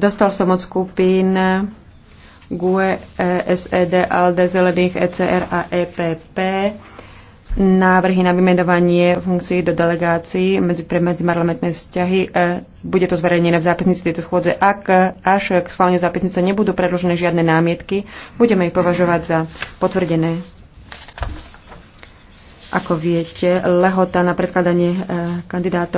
Dostal som od skupín GUE, e, SED, ALDE, Zelených, ECR a EPP návrhy na vymenovanie funkcií do delegácií medzi medziparlamentné vzťahy. E, bude to zverejnené v zápisnici tejto schôdze. Ak až k schválne zápisnice nebudú predložené žiadne námietky, budeme ich považovať za potvrdené. Ako viete, lehota na predkladanie e, kandidátov